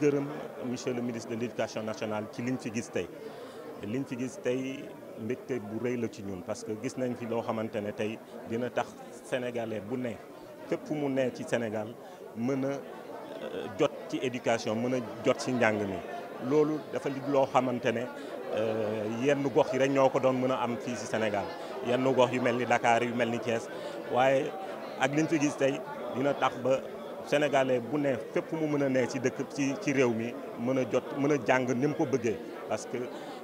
gërëm monsieur le ministre de l'éducation nationale ci liñ fi gis tay liñ fi gis tay mbégte bu reuy la ci ñun parce que gis nañ fi lo xamante tay dina tax sénégalais bu ne fépp fu mu ne ci Sénégal mëna euh, jot ci éducation mëna jot ci njàng mi loolu dafa li lo xamante euh yenn gox yi rek ñoko doon am fii ci Sénégal yenn gox yu melni Dakar yu melni Thiès waye ak liñ fi gis tay dina tax ba sénégalais bu ne fépp mu mën a ne ci dëkk ci ci réew mi mën jot mën jang nim ko bëggee parce que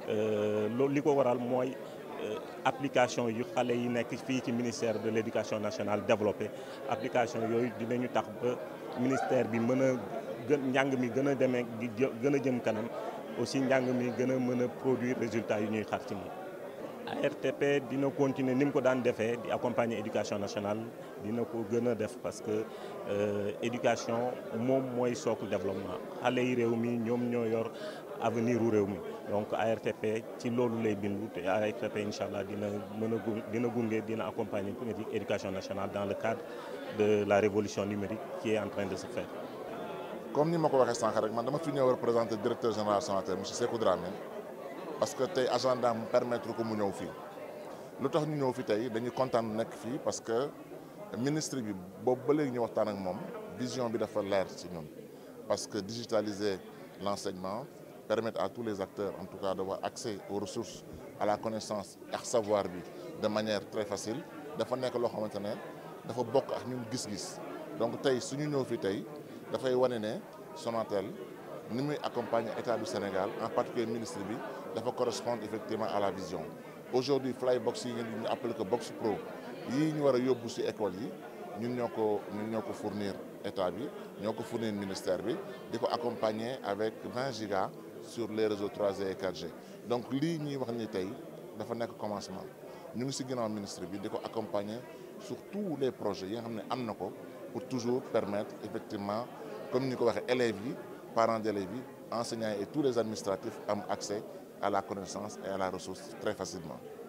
euh liko waral moy euh, application yu xalé yi nekk fi ci ministère de l'éducation nationale développé application yooyu dinañu tax ba ministère bi mën a gën njàng mi gëna démé gëna jëm kanam aussi njàng mi gëna a produire résultat yu ñuy xar ci moom ARTP dina continuer nim ko daan defé di accompagner éducation nationale dina ko gëna def parce que euh, éducation mom moy socle développement xale yi réew mi ñoom ñoo yor avenir u réew mi donc ARTP ci lolu lay bindu te ARTP incha allah dina mëna dina gungé dina accompagner éducation nationale dans le cadre de la révolution numérique qui est en train de se faire. comme ni ma ko sank rek man dama fi ñëw représenter directeur général Sonatel monsieur Sekou Dramé parce que l'agenda agenda permettre ko Nous l'autre fii lu tax nous fi parce que ministre bi nous ba vision de dafa parce que digitaliser l'enseignement permet à tous les acteurs en tout cas d'avoir accès aux ressources à la connaissance et à savoir de manière très facile dafa nekk loo xamante ne dafa bokk ak gis-gis donc si suñu ñëw fi tey dafay que, nous accompagnons l'État du Sénégal en particulier le ministre bi dafa correspondre effectivement à la vision aujourd'hui Flyboxing, nous yi que box pro Nous ñu war a ci école yi ñun fourni fournir le ministère bi accompagner avec 20 gigas sur les réseaux 3G et 4G donc ce qui wax ni tey c'est le commencement Nous, avons ci ministre accompagner sur tous les projets pour toujours permettre effectivement comme nous ko parents de enseignants et tous les administratifs ont accès à la connaissance et à la ressource très facilement